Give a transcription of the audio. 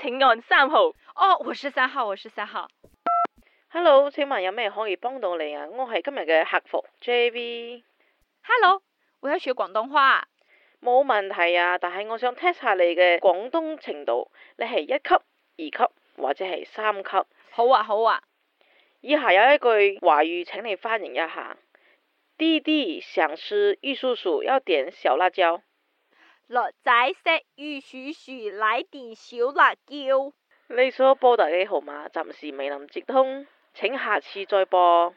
請按三號哦，oh, 我是三號，我是三號。Hello，請問有咩可以幫到你啊？我係今日嘅客服 JV。Hello，我要學廣東話啊。冇問題啊，但係我想 test 下你嘅廣東程度，你係一級、二級或者係三級？好啊好啊。好啊，以下有一句華語，請你翻譯一下。滴滴，上次于叔叔要點小辣椒。樂仔食玉薯薯奶店小辣椒，你所撥打嘅號碼暫時未能接通，請下次再撥。